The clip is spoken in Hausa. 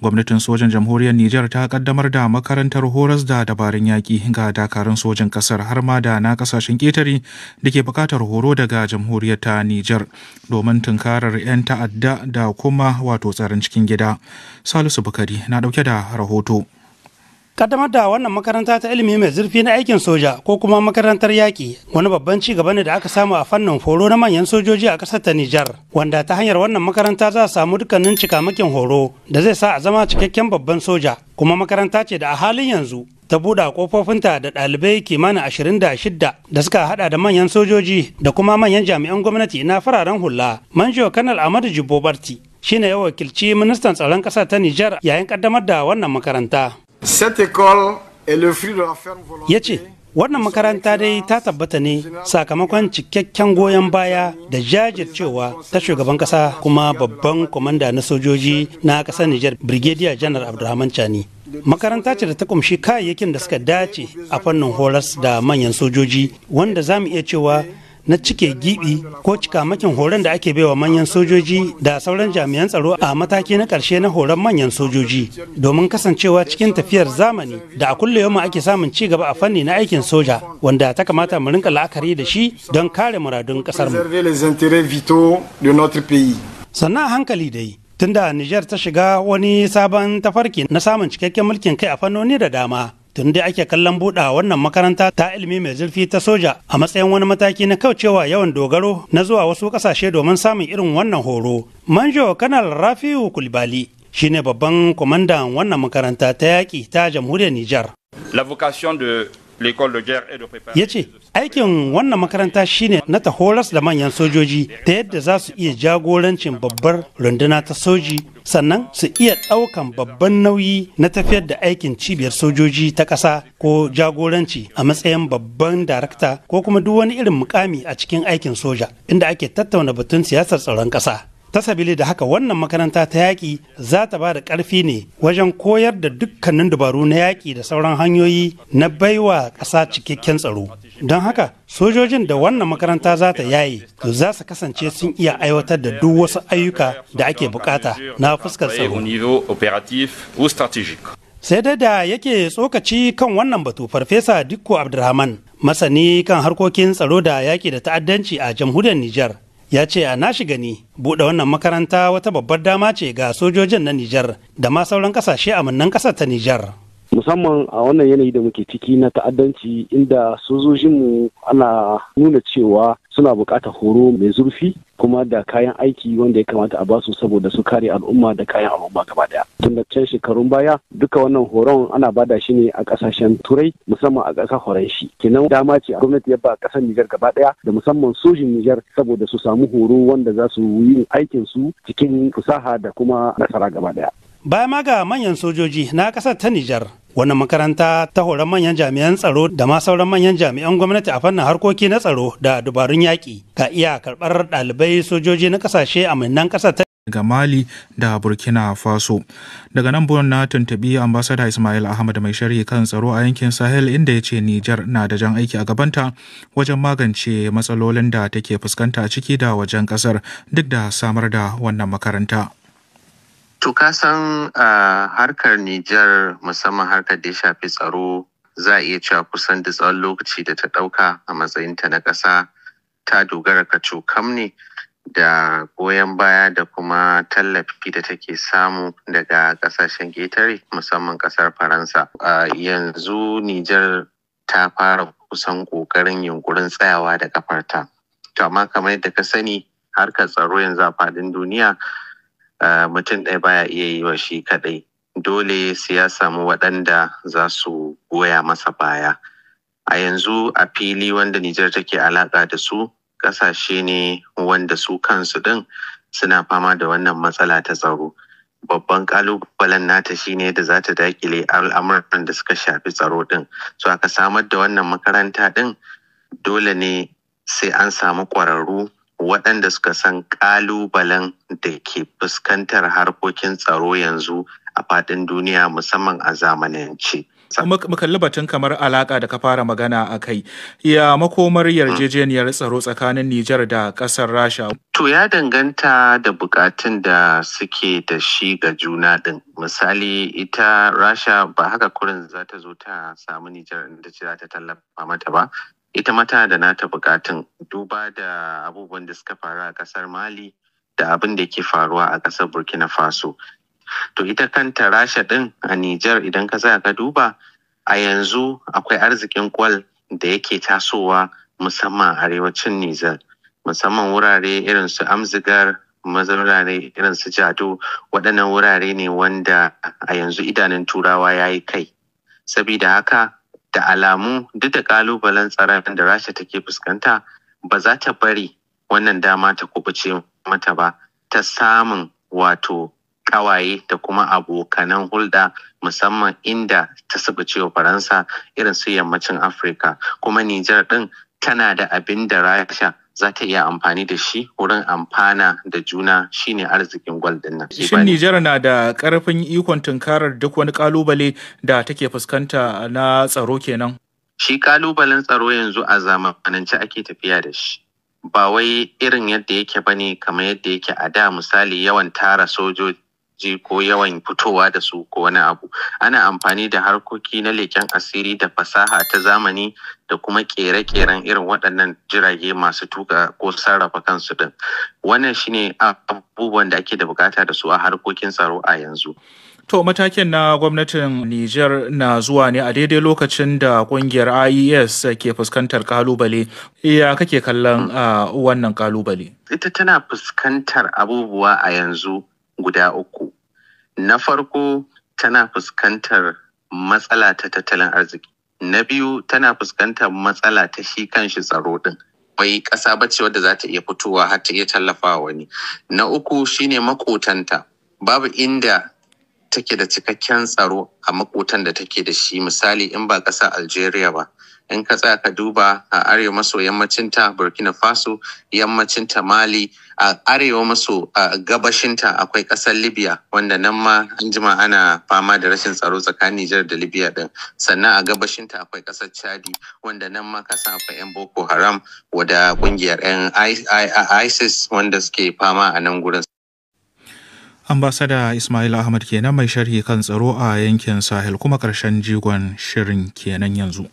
gwamnatin sojan jamhuriyar nijar ta kaddamar da makarantar horas da dabarun yaƙi ga dakarun sojan ƙasar har ma da na ƙasashen ƙetare da ke buƙatar horo daga jamhuriyar ta nijar domin tunkarar 'yan ta'adda da kuma wato tsaron cikin gida salisu bukari na ɗauke da rahoto kaddamar da wannan makaranta ta ilimi mai zurfi na aikin soja ko kuma makarantar yaƙi wani babban ci gaba ne da aka samu a fannin horo na manyan sojoji a ƙasar ta Nijar wanda ta hanyar wannan makaranta za a samu dukkanin cikamakin horo da zai sa a zama cikakken babban soja kuma makaranta ce da a halin yanzu ta buɗe kofofinta da ɗalibai kimanin ashirin da shidda da suka haɗa da manyan sojoji da kuma manyan jami'an gwamnati na fararen hula manjo kanal Ahmadu Jibbo Barti shine ya wakilci ministan tsaron ƙasa ta Nijar yayin ƙaddamar da wannan makaranta Ya ce, wannan makaranta dai ta tabbata ne sakamakon cikakken goyon baya da jajircewa ta shugaban kasa kuma babban kwamanda na sojoji na kasar Nijar Brigadier Janar Abdulrahman Chani. Makaranta ce da ta kumshi kayayyakin da suka dace a fannin horas da manyan sojoji wanda za mu iya cewa na cike gibi ko cikamakin horon da ake baiwa manyan sojoji da sauran jami'an tsaro a mataki na ƙarshe na horon manyan sojoji domin kasancewa cikin tafiyar zamani da a kulle yamma ake samun ci gaba a fanni na aikin soja wanda ta kamata mu rinka la'akari da shi don kare muradun kasar mu. Sannan a hankali dai tunda Nijar ta shiga wani sabon tafarki na samun cikakken mulkin kai a fannoni da dama tun dai ake kallon buɗa wannan makaranta ta ilimi mai zurfi ta soja a matsayin wani mataki na kaucewa yawan dogaro na zuwa wasu ƙasashe domin samun irin wannan horo manjo kanal rafiu kulibali shine babban kwamandan wannan makaranta ta yaƙi ta jamhuriyar nijar la vocation de ya ce aikin wannan makaranta shine na ta horas da manyan sojoji ta yadda za su iya jagorancin babbar runduna ta soji sannan su iya ɗaukan babban nauyi na tafiyar da aikin cibiyar sojoji ta ƙasa ko jagoranci a matsayin babban darakta ko kuma duk wani irin mukami a cikin aikin soja inda ake tattauna batun siyasar tsaron ƙasa ta sabili da haka wannan makaranta ta yaƙi za ta ba da ƙarfi ne wajen koyar da dukkanin dabaru na yaƙi da sauran hanyoyi na baiwa ƙasa cikakken tsaro don haka sojojin da wannan makaranta za ta yaye to za su kasance sun iya aiwatar da duk wasu ayyuka da ake bukata na fuskar tsaro sai dai da yake tsokaci kan wannan batu farfesa dikko abdulrahman masani kan harkokin tsaro da yaƙi da ta'addanci a jamhuriyar nijar ya ce a nashi gani buɗe wannan makaranta wata babbar dama ce ga sojojin na Nijar da ma sauran ƙasashe amannan ƙasar ta Nijar. musamman a wannan yanayi da muke ciki na ta'addanci inda sojojinmu ana nuna cewa suna buƙatar horo mai zurfi kuma da kayan aiki wanda ya kamata a basu saboda su kare al'umma da kayan al'umma gaba daya tun da can shekarun baya duka wannan horon ana bada shi ne a kasashen turai musamman a ƙasar horanshi kenan dama ce a gwamnati ya ba ƙasar nijar gaba daya da musamman sojin nijar saboda su samu horo wanda za su yi aikin su cikin fusaha da kuma nasara gaba daya Baya ma ga manyan sojoji na ƙasar ta Nijar, wannan makaranta ta horon manyan jami'an tsaro da ma sauran manyan jami'an gwamnati a fannin harkoki na tsaro da dubarun yaƙi ka iya karɓar ɗalibai sojoji na ƙasashe a minnan ƙasar ta daga Mali da Burkina Faso. Daga nan buwan na tuntubi ambasada Ismail Ahmad mai sharhi kan tsaro a yankin Sahel inda ya ce Nijar na da jan aiki a gabanta wajen magance matsalolin da take fuskanta a ciki da wajen kasar duk da samar da wannan makaranta. To ka san harkar Nijar musamman harkar da ya shafi tsaro za a iya cewa kusan da tsawon lokaci da ta ɗauka a matsayinta na ƙasa ta dogara cokam ne da goyon baya da kuma tallafi da take samu daga ƙasashen ƙetare musamman ƙasar Faransa. Yanzu Nijar ta fara kusan ƙoƙarin yunkurin tsayawa da kafarta. To amma kamar yadda ka sani harkar tsaro yanzu a faɗin duniya mutum ɗaya baya iya yi wa shi kaɗai dole sai ya samu waɗanda za su goya masa baya a yanzu a fili wanda nijar take alaƙa da su ƙasashe ne wanda su kansu ɗin suna fama da wannan matsala ta tsaro babban ƙalubalen nata shine da za ta dakile al'amuran da suka shafi tsaro ɗin so aka samar da wannan makaranta ɗin dole ne sai an samu ƙwararru waɗanda suka san ƙalubalen da ke fuskantar harkokin tsaro yanzu a faɗin duniya musamman a zamanance. kalli batun kamar alaƙa da ka fara magana a kai ya makomar yarjejeniyar tsaro tsakanin Nijar da ƙasar Rasha. To ya danganta da buƙatun da suke da shi ga juna ɗin. Misali ita Rasha ba haka kurin za ta zo ta samu Nijar inda ce za ta tallafa mata ba. ita mata da nata bukatun duba da abubuwan da suka faru a kasar mali da abin da ke faruwa a kasar burkina faso to ita kanta rasha din a niger idan ka za ka duba a yanzu akwai arzikin kwal da yake tasowa musamman arewacin niger musamman wurare irin su amzigar mazaurare irin su jado waɗannan wurare ne wanda a yanzu idanun turawa ya yi kai sabida haka da alamu duk da kalubalen tsaron da rasha take fuskanta ba za ta bari wannan dama ta kubuce mata ba ta samun wato kawaye da kuma abokanan hulɗa musamman inda ta subuce cewa faransa irin su yammacin afirka kuma nijar ɗin tana da abin da rasha za ta iya amfani da shi wurin amfana da juna shine arzikin gwal din nan. Shin Nijar na da karfin ikon tunkarar duk wani kalubale da take fuskanta na tsaro kenan? Shi kalubalen tsaro yanzu a zamanance ake tafiya da shi. Ba wai irin yadda yake bane kamar yadda yake a da misali yawan tara sojoji ji ko yawan fitowa da su ko wani abu ana amfani da harkoki na leken asiri da fasaha ta zamani da kuma ƙere-ƙeren irin waɗannan jirage masu tuka ko sarrafa kansu din wannan shine abubuwan da ake da bukata da su a harkokin tsaro a yanzu To matakin na gwamnatin Nijar na zuwa ne a daidai lokacin da kungiyar IES ke fuskantar kalubale. Ya kake kallon wannan kalubale? Ita tana fuskantar abubuwa a yanzu guda uku. Na farko tana fuskantar matsala ta tattalin arziki. Na biyu tana fuskantar matsala ta shi kanshi tsaro ɗin. bai ƙasa bace wadda za ta iya fitowa har ta iya tallafawa wani. Na uku shine makotanta. Babu inda take da cikakken tsaro a makotan da take da shi misali in ba ƙasa Algeria ba. in ka tsaya ka duba a arewa maso yammacinta burkina faso yammacinta mali a arewa maso gabashinta akwai kasar libya wanda nan ma an jima ana fama da rashin tsaro tsakanin nijar da libya din sannan a gabashinta akwai ƙasar chadi wanda nan ma kasan akwai 'yan boko haram wada kungiyar 'yan isis wanda suke fama a nan gurin ambasada ismail ahmad kenan mai sharhi kan tsaro a yankin sahel kuma karshen jigon shirin kenan yanzu